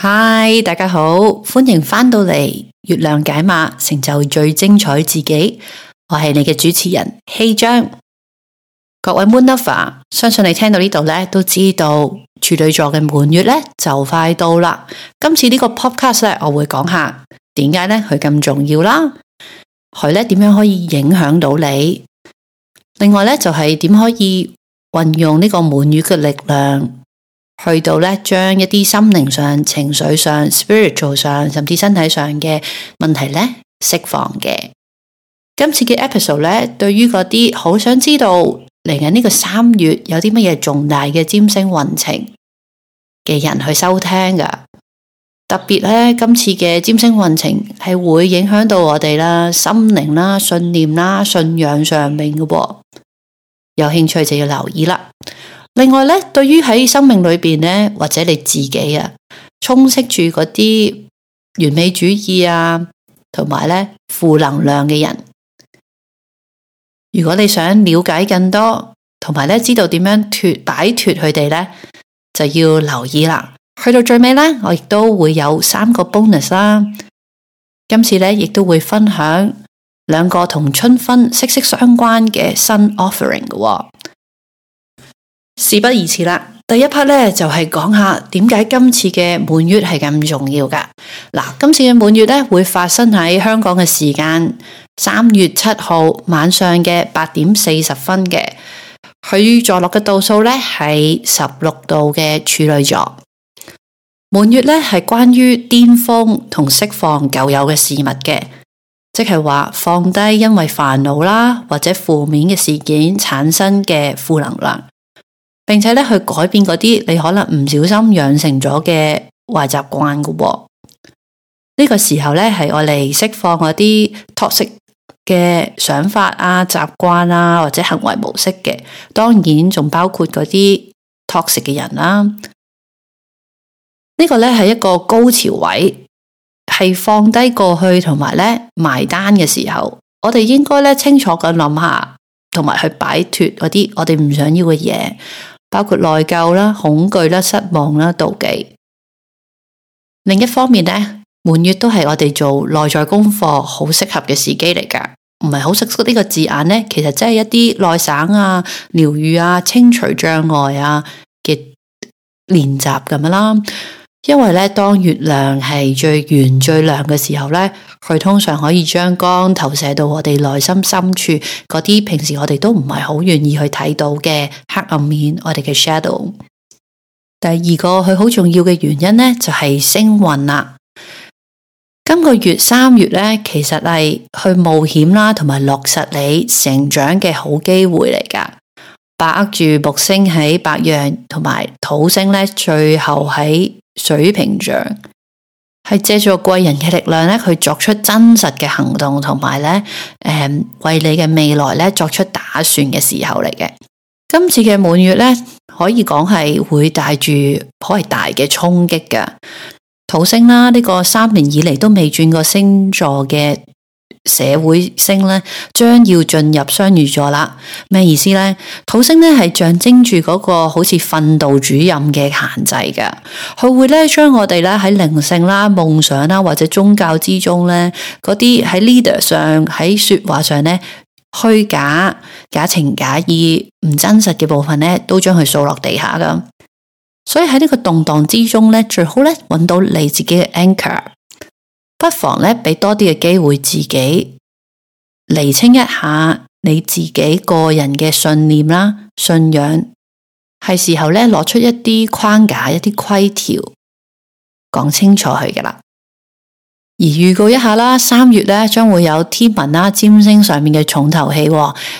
嗨，Hi, 大家好，歡迎返到嚟月亮解碼，成就最精彩自己。我係你嘅主持人 Hei Cheung，hey，各位 Moon Lover，相信你聽到呢度咧，都知道處女座嘅滿月咧就快到啦。今次呢個 Podcast 我會講下點解咧佢咁重要啦，佢咧點樣可以影響到你。另外咧就係點可以運用呢個滿月嘅力量。去到咧，將一啲心靈上、情緒上、spiritual 上，甚至身體上嘅問題咧，釋放嘅。今次嘅 episode 咧，對於嗰啲好想知道嚟緊呢個三月有啲乜嘢重大嘅占星運程嘅人去收聽噶。特別咧，今次嘅占星運程係會影響到我哋啦，心靈啦、信念啦、信仰上面嘅。有興趣就要留意啦。另外咧，對於喺生命裏邊咧，或者你自己啊，充斥住嗰啲完美主義啊，同埋咧負能量嘅人，如果你想了解更多，同埋咧知道點樣脱擺脫佢哋咧，就要留意啦。去到最尾咧，我亦都會有三個 bonus 啦。今次咧，亦都會分享兩個同春分息息相關嘅新 offering 噶。事不宜遲啦，第一 part 咧就係、是、講下點解今次嘅滿月係咁重要噶嗱，今次嘅滿月咧會發生喺香港嘅時間三月七號晚上嘅八點四十分嘅，佢坐落嘅度數咧係十六度嘅處女座。滿月咧係關於巔峰同釋放舊有嘅事物嘅，即係話放低因為煩惱啦或者負面嘅事件產生嘅負能量。並且咧去改變嗰啲你可能唔小心養成咗嘅壞習慣嘅，呢個時候咧係我哋釋放嗰啲 toxic 嘅想法啊、習慣啊或者行為模式嘅，當然仲包括嗰啲 toxic 嘅人啦。呢個咧係一個高潮位，係放低過去同埋咧埋單嘅時候，我哋應該咧清楚咁諗下，同埋去擺脫嗰啲我哋唔想要嘅嘢。包括內疚啦、恐懼啦、失望啦、妒忌。另一方面咧，滿月都係我哋做內在功課好適合嘅時機嚟噶。唔係好識呢個字眼咧，其實即係一啲內省啊、療癒啊、清除障礙啊嘅練習咁樣啦。因為咧，當月亮係最圓最亮嘅時候呢，佢通常可以將光投射到我哋內心深處嗰啲平時我哋都唔係好願意去睇到嘅黑暗面，我哋嘅 shadow。第二個佢好重要嘅原因呢，就係星運啦。今個月三月呢，其實係去冒險啦，同埋落實你成長嘅好機會嚟㗎。把握住木星喺白羊，同埋土星咧，最後喺水瓶座，係借助貴人嘅力量咧，去作出真實嘅行動，同埋咧，誒，為你嘅未來咧作出打算嘅時候嚟嘅。今次嘅滿月咧，可以講係會帶住頗大嘅衝擊嘅。土星啦，呢、這個三年以嚟都未轉過星座嘅。社會星咧將要進入雙魚座啦，咩意思咧？土星咧係象徵住嗰個好似訓導主任嘅限制嘅，佢會咧將我哋咧喺靈性啦、夢想啦或者宗教之中咧嗰啲喺 leader 上喺說話上咧虛假假情假意唔真實嘅部分咧，都將佢掃落地下㗎。所以喺呢個動盪之中咧，最好咧揾到你自己嘅 anchor。不妨咧，俾多啲嘅機會自己厘清一下你自己個人嘅信念啦、信仰，係時候咧攞出一啲框架、一啲規條，講清楚佢噶啦。而預告一下啦，三月咧將會有天文啦、占星上面嘅重頭戲。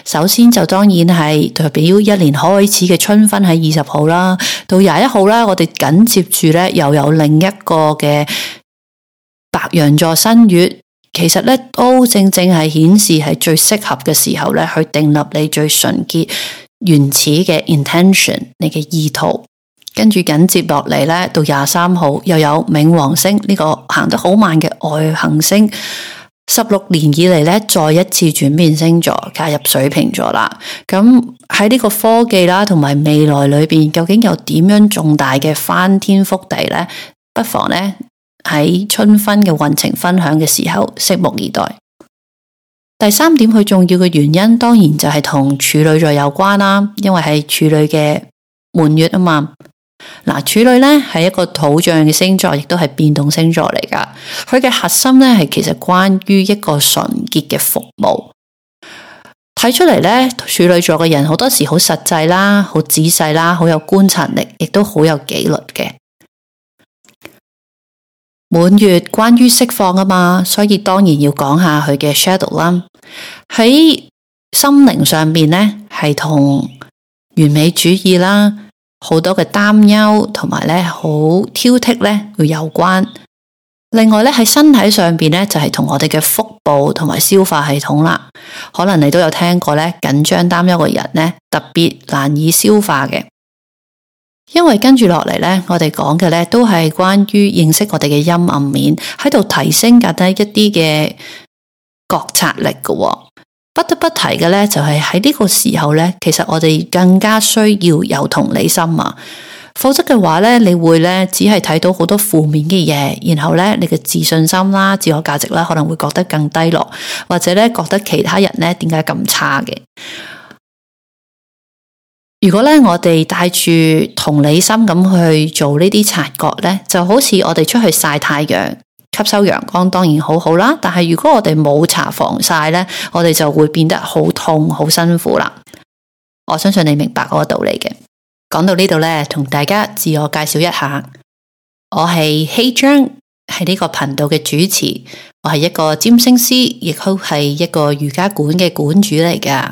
首先就當然係代表一年開始嘅春分喺二十號啦，到廿一號咧，我哋緊接住咧又有另一個嘅。白羊座新月，其實咧都正正係顯示係最適合嘅時候咧，去訂立你最純潔、原始嘅 intention，你嘅意圖。跟住緊接落嚟咧，到廿三號又有冥王星呢個行得好慢嘅外行星，十六年以嚟咧，再一次轉變星座，加入水瓶座啦。咁喺呢個科技啦，同埋未來裏邊，究竟有點樣重大嘅翻天覆地呢？不妨呢。喺春分嘅運程分享嘅時候，拭目以待。第三點，佢重要嘅原因，當然就係同處女座有關啦，因為係處女嘅滿月啊嘛。嗱，處女咧係一個土象嘅星座，亦都係變動星座嚟㗎。佢嘅核心咧係其實關於一個純潔嘅服務。睇出嚟咧，處女座嘅人好多時好實際啦，好仔細啦，好有觀察力，亦都好有紀律嘅。滿月關於釋放啊嘛，所以當然要講下佢嘅 shadow 啦。喺心靈上邊咧，係同完美主義啦，好多嘅擔憂同埋咧好挑剔咧，會有關。另外咧喺身體上邊咧，就係同我哋嘅腹部同埋消化系統啦。可能你都有聽過咧，緊張擔憂嘅人咧，特別難以消化嘅。因為跟住落嚟呢，我哋講嘅呢都係關於認識我哋嘅陰暗面，喺度提升緊一啲嘅覺察力嘅。不得不提嘅呢，就係喺呢個時候呢，其實我哋更加需要有同理心啊。否則嘅話呢，你會呢只係睇到好多負面嘅嘢，然後呢，你嘅自信心啦、自我價值啦，可能會覺得更低落，或者呢，覺得其他人呢點解咁差嘅。如果咧，我哋帶住同理心咁去做呢啲察覺呢，就好似我哋出去曬太陽，吸收陽光當然好好啦。但係如果我哋冇搽防曬呢，我哋就會變得好痛、好辛苦啦。我相信你明白嗰個道理嘅。講到呢度呢，同大家自我介紹一下，我係希張，係呢個頻道嘅主持，我係一個占星師，亦都係一個瑜伽館嘅館主嚟㗎。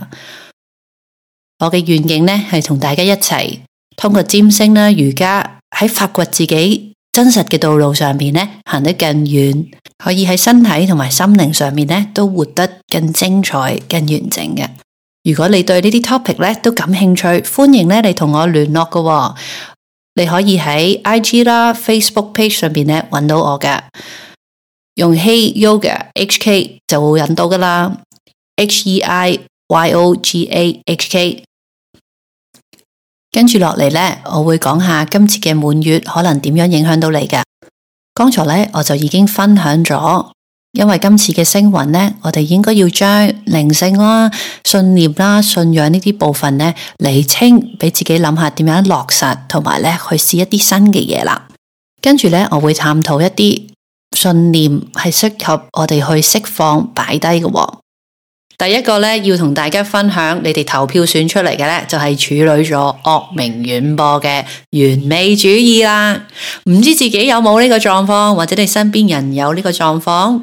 我嘅願景咧，係同大家一齊通過占星啦、瑜伽，喺發掘自己真實嘅道路上面咧，行得更遠，可以喺身體同埋心靈上面咧，都活得更精彩、更完整嘅。如果你對這些呢啲 topic 咧都感興趣，歡迎咧你同我聯絡噶喎，你可以喺 I G 啦、Facebook page 上面咧揾到我嘅，用 Hei Yoga H K 就會揾到噶啦，H E I Y O G A H K。跟住落嚟呢，我會講下今次嘅滿月可能點樣影響到你㗎。剛才呢，我就已經分享咗，因為今次嘅星雲呢，我哋應該要將靈性啦、信念啦、信仰呢啲部分呢，厘清，俾自己諗下點樣落實，同埋呢去試一啲新嘅嘢啦。跟住呢，我會探討一啲信念係適合我哋去釋放、擺低嘅喎。第一個咧，要同大家分享，你哋投票選出嚟嘅咧，就係處女座惡名遠播嘅完美主義啦。唔知自己有冇呢個狀況，或者你身邊人有呢個狀況？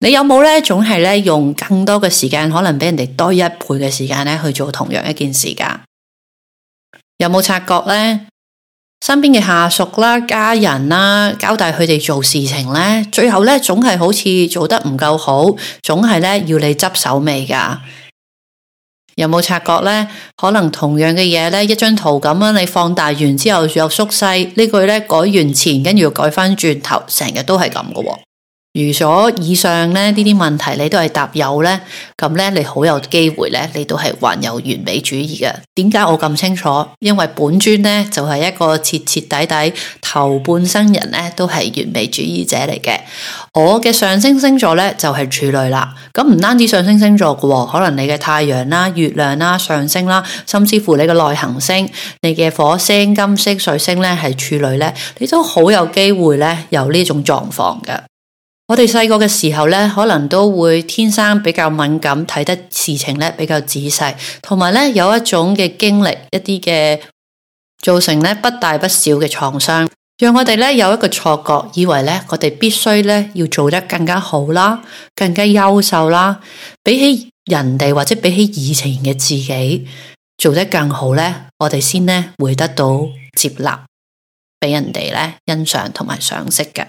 你有冇咧？總係咧用更多嘅時間，可能比人哋多一倍嘅時間咧去做同樣一件事噶？有冇察覺咧？身邊嘅下屬啦、家人啦，交代佢哋做事情咧，最後咧總係好似做得唔夠好，總係咧要你執手尾噶。有冇察覺咧？可能同樣嘅嘢咧，一張圖咁樣你放大完之後又縮細，縮小這句呢句咧改完前跟住又改翻轉頭，成日都係咁噶喎。如果以上呢啲問題你都係答有咧，咁咧你好有機會咧，你都係患有完美主義嘅。點解我咁清楚？因為本尊咧就係一個徹徹底底頭半生人咧，都係完美主義者嚟嘅。我嘅上升星座咧就係處女啦，咁唔單止上升星座嘅，可能你嘅太陽啦、月亮啦、上升啦，甚至乎你嘅內行星、你嘅火星、金星、水星咧係處女咧，你都好有機會咧有呢種狀況嘅。我哋細個嘅時候呢，可能都會天生比較敏感，睇得事情呢比較仔細，同埋呢有一種嘅經歷，一啲嘅造成呢不大不小嘅創傷，讓我哋呢有一個錯覺，以為呢我哋必須呢要做得更加好啦，更加優秀啦，比起人哋或者比起以前嘅自己做得更好呢，我哋先呢會得到接納，俾人哋呢欣賞同埋賞識嘅。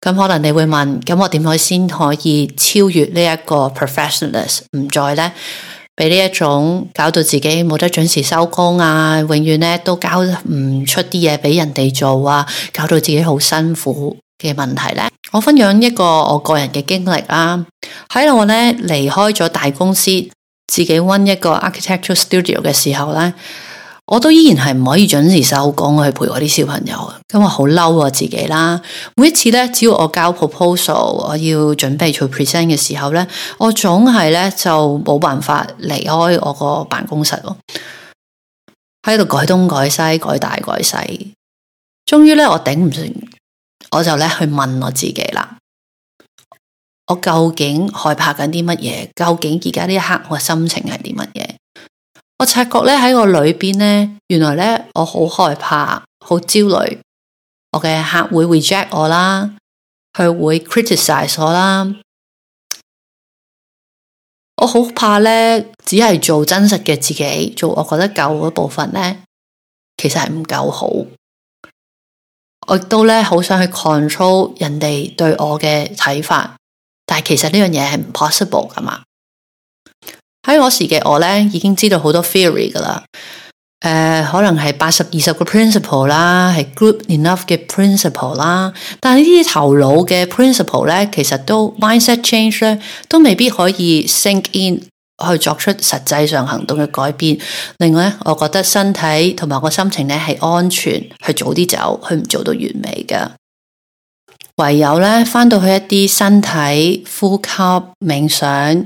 咁可能你會問，咁我點可以先可以超越呢一個 professionals 唔再呢，俾呢一種搞到自己冇得準時收工啊，永遠呢都交唔出啲嘢俾人哋做啊，搞到自己好辛苦嘅問題呢？我分享一個我個人嘅經歷啦，啊，喺我呢離開咗大公司，自己揾一個 architecture studio 嘅時候呢。」我都依然係唔可以準時收工去陪我啲小朋友啊！咁我好嬲我自己啦。每一次咧，只要我交 proposal，我要準備做 present 嘅時候咧，我總係咧就冇辦法離開我個辦公室喎。喺度改東改西，改大改細，終於咧我頂唔順，我就咧去問我自己啦。我究竟害怕緊啲乜嘢？究竟而家呢一刻我心情係啲乜嘢？我察覺咧喺我裏邊咧，原來咧我好害怕、好焦慮。我嘅客會 reject 我啦，佢會 criticise 我啦。我好怕咧，只係做真實嘅自己，做我覺得夠嘅部分咧，其實係唔夠好。我亦都咧好想去 control 人哋對我嘅睇法，但係其實呢樣嘢係唔 possible 噶嘛。喺我時嘅我呢，已經知道好多 theory 噶啦。誒、uh，可能係八十、二十個 principle 啦，係 good enough 嘅 principle 啦。但係呢啲頭腦嘅 principle 呢，其實都 mindset change 咧，都未必可以 sink in 去作出實際上行動嘅改變。另外呢，我覺得身體同埋個心情呢，係安全去早啲走，去唔做到完美嘅。唯有呢，返到去一啲身體、呼吸、冥想，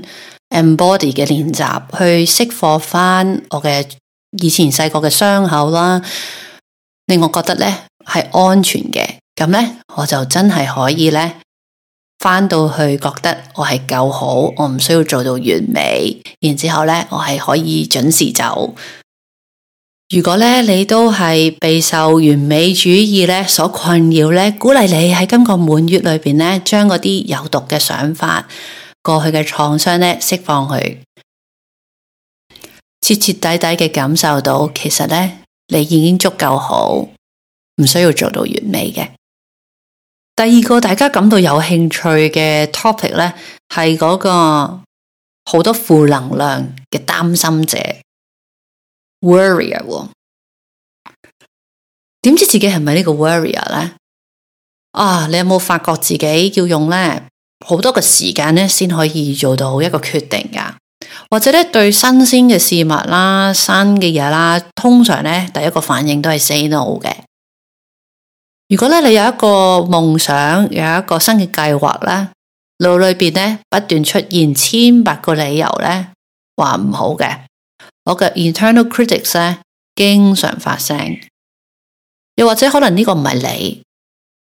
embodied 嘅練習，去釋放翻我嘅以前細個嘅傷口啦，令我覺得呢係安全嘅，咁呢，我就真係可以呢翻到去覺得我係夠好，我唔需要做到完美，然之後呢我係可以準時走。如果呢，你都係備受完美主義呢所困擾呢，鼓勵你喺今個滿月裏邊呢將嗰啲有毒嘅想法，過去嘅創傷咧，釋放佢，徹徹底底嘅感受到，其實咧你已經足夠好，唔需要做到完美嘅。第二個大家感到有興趣嘅 topic 咧，係嗰個好多負能量嘅擔心者 worrier 喎，點知自己係咪呢個 worrier 咧？啊，你有冇發覺自己要用咧？好多嘅時間咧，先可以做到一個決定㗎，或者咧對新鮮嘅事物啦、新嘅嘢啦，通常咧第一個反應都係 say no 嘅。如果咧你有一個夢想，有一個新嘅計劃咧，腦裏邊咧不斷出現千百個理由咧話唔好嘅，我嘅 internal critics 咧經常發聲，又或者可能呢個唔係你，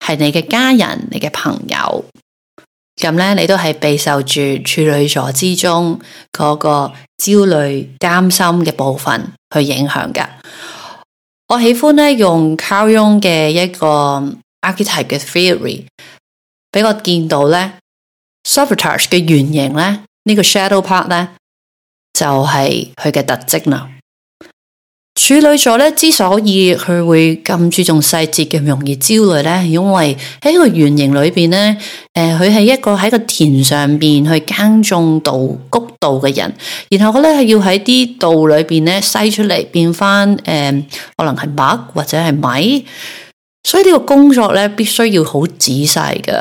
係你嘅家人、你嘅朋友。咁咧，你都係備受住處女座之中嗰個焦慮、擔心嘅部分去影響噶。我喜歡咧用 Carl Jung 嘅一個 archetype 嘅 theory，俾我見到呢 Sabotage 嘅原型咧，呢、這個 shadow part 呢，就係佢嘅特質啦。處女座咧，之所以佢會咁注重細節，咁容易焦慮咧，係因為喺個原型裏邊咧，誒、呃，佢係一個喺個田上邊去耕種稻穀稻嘅人，然後佢咧係要喺啲稻裏邊咧篩出嚟，變翻誒、呃，可能係麥或者係米。所以呢個工作咧必須要好仔細噶，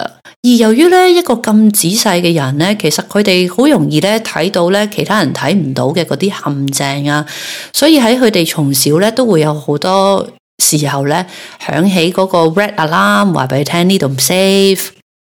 而由於呢一個咁仔細嘅人呢，其實佢哋好容易呢睇到呢其他人睇唔到嘅嗰啲陷阱啊，所以喺佢哋從小呢，都會有好多時候呢，響起嗰個 red alarm 話俾佢聽呢度唔 safe。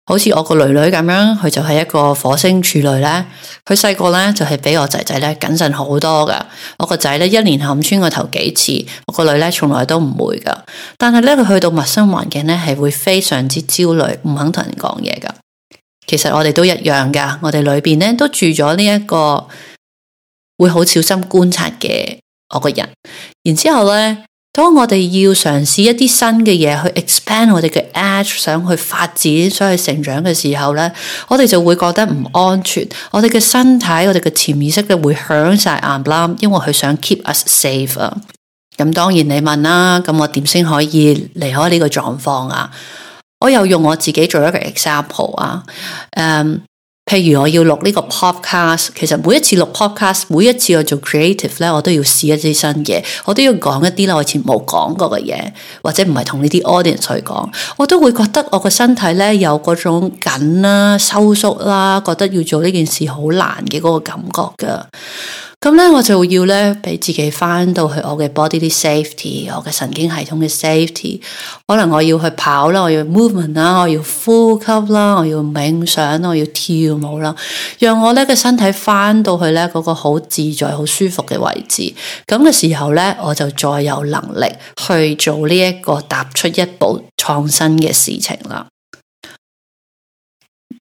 好似我個女女咁樣，佢就係一個火星處女啦。佢細個咧就係比我仔仔咧謹慎好多噶。我個仔咧一年行穿個頭幾次，我個女咧從來都唔會噶。但係咧佢去到陌生環境咧係會非常之焦慮，唔肯同人講嘢噶。其實我哋都一樣噶，我哋裏邊咧都住咗呢一個會好小心觀察嘅我個人。然之後咧。當我哋要嘗試一啲新嘅嘢，去 expand 我哋嘅 edge，想去發展，想去成長嘅時候呢，我哋就會覺得唔安全。我哋嘅身體，我哋嘅潛意識就會響晒 a l a r，因為佢想 keep us safe 啊。咁當然你問啦，咁我點先可以離開呢個狀況啊？我又用我自己做一個 example 啊，嗯、um。譬如我要錄呢個 podcast，其實每一次錄 podcast，每一次我做 creative 咧，我都要試一啲新嘢，我都要講一啲我以前冇講過嘅嘢，或者唔係同呢啲 audience 去講，我都會覺得我個身體咧有嗰種緊啦、啊、收縮啦、啊，覺得要做呢件事好難嘅嗰個感覺噶。咁咧，我就要咧俾自己翻到去我嘅 body 啲 safety，我嘅神經系統嘅 safety，可能我要去跑啦，我要 movement 啦，我要呼吸啦，我要冥想啦，我要跳舞啦，讓我咧嘅身體翻到去咧嗰個好自在、好舒服嘅位置。咁嘅時候呢，我就再有能力去做呢一個踏出一步創新嘅事情啦。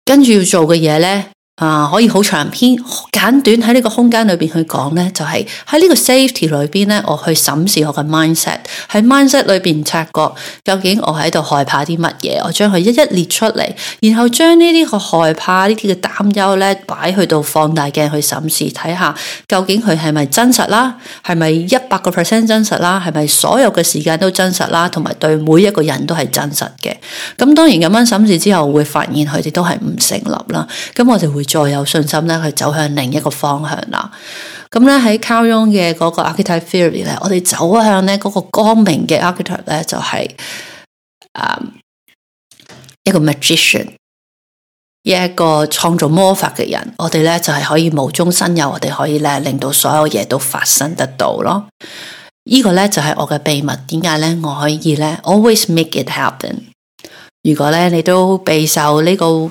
跟住要做嘅嘢呢。啊，uh, 可以好長篇好簡短，喺呢個空間裏邊去講呢，就係喺呢個 safety 裏邊呢，我去審視我嘅 mindset，喺 mindset 裏邊察覺究竟我喺度害怕啲乜嘢，我將佢一一列出嚟，然後將呢啲個害怕呢啲嘅擔憂呢，擺去到放大鏡去審視睇下，看看究竟佢係咪真實啦，係咪一百個 percent 真實啦，係咪所有嘅時間都真實啦，同埋對每一個人都係真實嘅。咁當然咁樣審視之後，會發現佢哋都係唔成立啦。咁我哋會。再有信心咧去走向另一個方向啦。咁咧喺 Carl Jung 嘅嗰個 Archetype Theory 咧，我哋走向咧嗰個光明嘅 Archetype 咧，就係、是、啊、um, 一個 magician，一個創造魔法嘅人。我哋咧就係、是、可以無中生有，我哋可以咧令到所有嘢都發生得到咯。這個、呢個咧就係、是、我嘅秘密。點解咧我可以咧 always make it happen？如果咧你都備受呢、這個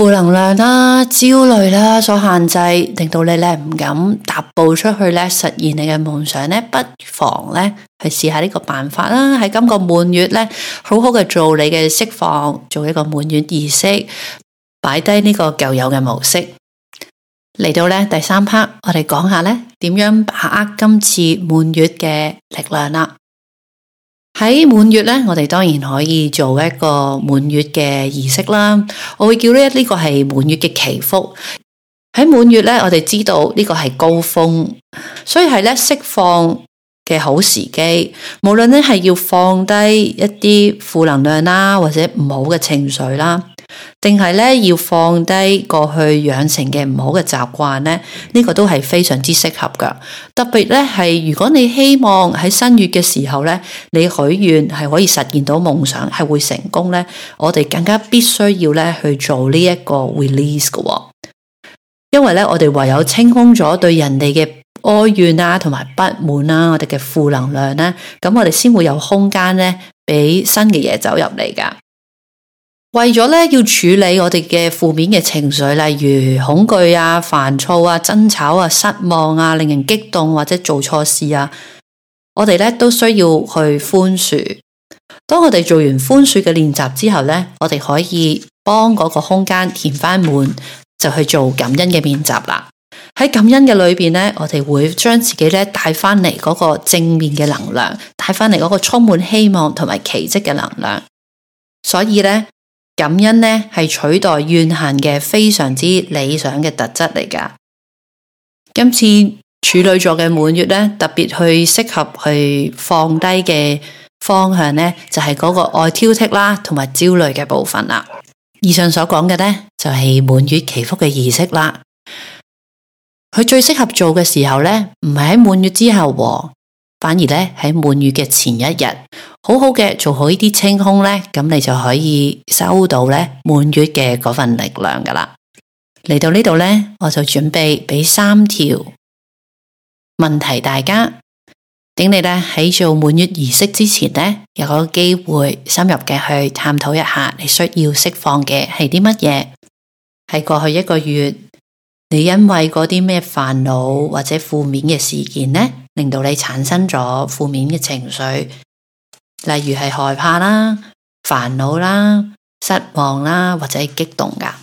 負能量啦、啊、焦慮啦、啊、所限制，令到你呢唔敢踏步出去呢實現你嘅夢想呢，不妨呢去試下呢個辦法啦。喺今個滿月呢，好好嘅做你嘅釋放，做一個滿月儀式，擺低呢個舊有嘅模式。嚟到呢第三 part，我哋講下呢點樣把握今次滿月嘅力量啦。喺滿月呢，我哋當然可以做一個滿月嘅儀式啦。我會叫咧呢個係滿月嘅祈福。喺滿月呢，我哋知道呢個係高峰，所以係呢釋放嘅好時機。無論呢係要放低一啲負能量啦，或者唔好嘅情緒啦。定係咧要放低過去養成嘅唔好嘅習慣咧，呢個都係非常之適合噶。特別咧係如果你希望喺新月嘅時候咧，你許願係可以實現到夢想，係會成功咧，我哋更加必須要咧去做呢一個 release 噶。因為咧，我哋唯有清空咗對人哋嘅哀怨啊，同埋不滿啊，我哋嘅負能量咧，咁我哋先會有空間咧，俾新嘅嘢走入嚟噶。為咗咧，要處理我哋嘅負面嘅情緒，例如恐懼啊、煩躁啊、爭吵啊、失望啊、令人激動或者做錯事啊，我哋咧都需要去寬恕。當我哋做完寬恕嘅練習之後咧，我哋可以幫嗰個空間填翻滿，就去做感恩嘅練習啦。喺感恩嘅裏邊咧，我哋會將自己咧帶翻嚟嗰個正面嘅能量，帶翻嚟嗰個充滿希望同埋奇跡嘅能量。所以咧。感恩呢係取代怨恨嘅非常之理想嘅特質嚟噶。今次處女座嘅滿月呢，特別去適合去放低嘅方向呢，就係嗰個愛挑剔啦同埋焦慮嘅部分啦。以上所講嘅呢，就係滿月祈福嘅儀式啦。佢最適合做嘅時候呢，唔係喺滿月之後喎。反而咧喺滿月嘅前一日，好好嘅做好呢啲清空咧，咁你就可以收到呢滿月嘅嗰份力量噶啦。嚟到呢度呢，我就準備俾三條問題大家。等你呢喺做滿月儀式之前呢，有個機會深入嘅去探討一下，你需要釋放嘅係啲乜嘢？喺過去一個月，你因為嗰啲咩煩惱或者負面嘅事件呢？令到你產生咗負面嘅情緒，例如係害怕啦、煩惱啦、失望啦，或者激動噶。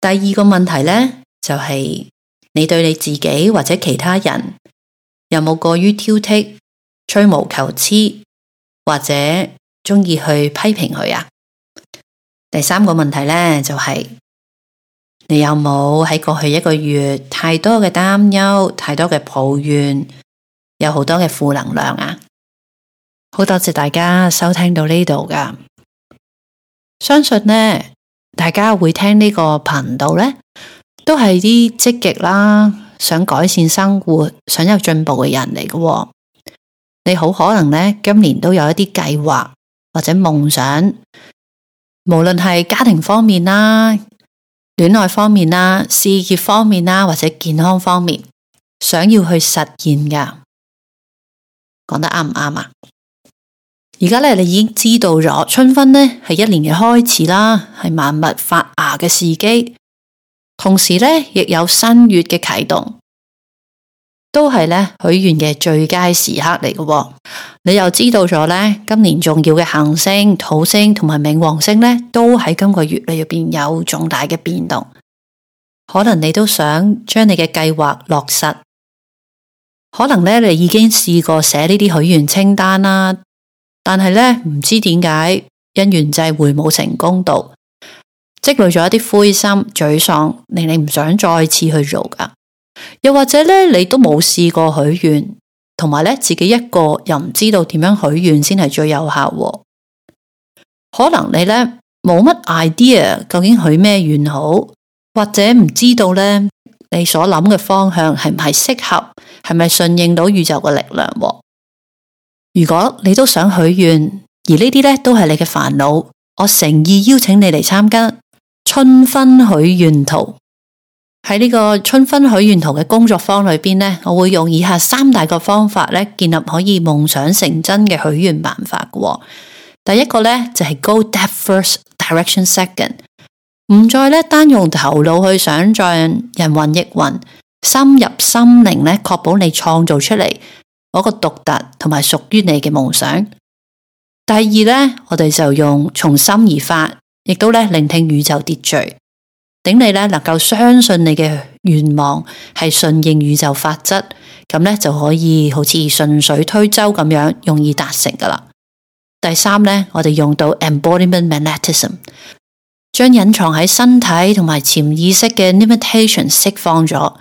第二個問題咧，就係、是、你對你自己或者其他人有冇過於挑剔、吹毛求疵，或者鍾意去批評佢啊？第三個問題咧，就係、是。你有冇喺過去一個月太多嘅擔憂、太多嘅抱怨、有好多嘅負能量啊？好多謝大家收聽到呢度噶，相信呢大家會聽呢個頻道呢，都係啲積極啦，想改善生活、想有進步嘅人嚟嘅哦。你好可能呢今年都有一啲計劃或者夢想，無論係家庭方面啦。戀愛方面啦、事業方面啦，或者健康方面，想要去實現嘅，講得啱唔啱啊？而家咧，你已經知道咗，春分咧係一年嘅開始啦，係萬物發芽嘅時機，同時咧亦有新月嘅啟動。都係咧許願嘅最佳時刻嚟嘅，你又知道咗咧？今年重要嘅行星土星同埋冥王星咧，都喺今個月裏邊有重大嘅變動。可能你都想將你嘅計劃落實，可能咧你已經試過寫呢啲許願清單啦，但係咧唔知點解因緣際會冇成功到，積累咗一啲灰心沮喪，令你唔想再次去做噶。又或者咧，你都冇試過許願，同埋咧自己一個又唔知道點樣許願先係最有效。可能你咧冇乜 idea，究竟許咩願好，或者唔知道咧你所諗嘅方向係唔係適合，係咪順應到宇宙嘅力量？如果你都想許願，而呢啲咧都係你嘅煩惱，我誠意邀請你嚟參加春分許願圖。喺呢個春分許願圖嘅工作坊裏面，咧，我會用以下三大個方法建立可以夢想成真嘅許願辦法。第一個咧就係 Go Deep First, Direction Second，唔再咧單用頭腦去想象，人云亦云，深入心靈咧，確保你創造出嚟嗰個獨特同埋屬於你嘅夢想。第二呢，我哋就用從心而發，亦都聆聽宇宙秩序。請你咧能夠相信你嘅願望係順應宇宙法則，咁咧就可以好似順水推舟咁樣容易達成噶啦。第三咧，我哋用到 Embodiment Magnetism，將隱藏喺身體同埋潛意識嘅 limitation 釋放咗，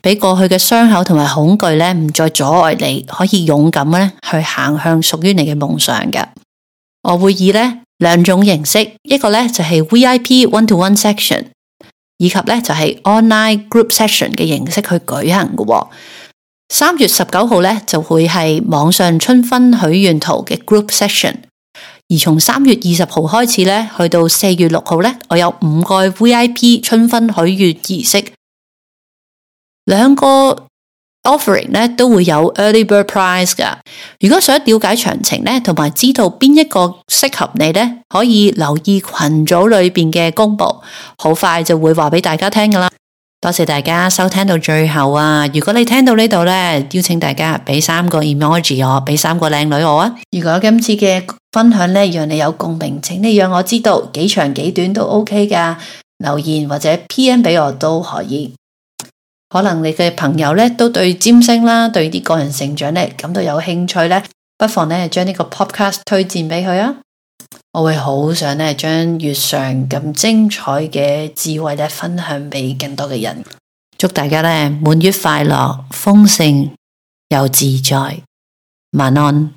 俾過去嘅傷口同埋恐懼咧唔再阻礙你，可以勇敢咧去行向屬於你嘅夢想嘅。我會以咧兩種形式，一個咧就係 VIP one to one section。以及咧就係 online group session 嘅形式去舉行嘅喎。三月十九號咧就會係網上春分許願圖嘅 group session，而從三月二十號開始咧，去到四月六號咧，我有五個 VIP 春分許願儀式，兩個。Offering 呢都會有 early bird price 噶，如果想了解詳情呢，同埋知道邊一個適合你呢，可以留意群組裏邊嘅公佈，好快就會話俾大家聽噶啦。多謝大家收聽到最後啊！如果你聽到呢度呢，邀請大家畀三個 emoji 我，畀三個靚女我啊。如果今次嘅分享呢讓你有共鳴，請你讓我知道幾長幾短都 OK 噶，留言或者 PM 俾我都可以。可能你嘅朋友都對占星啦，對啲個人成長咧感到有興趣咧，不妨咧將呢這個 podcast 推薦俾佢啊！我會好想咧將月上咁精彩嘅智慧咧分享俾更多嘅人。祝大家呢滿月快樂，豐盛又自在，晚安。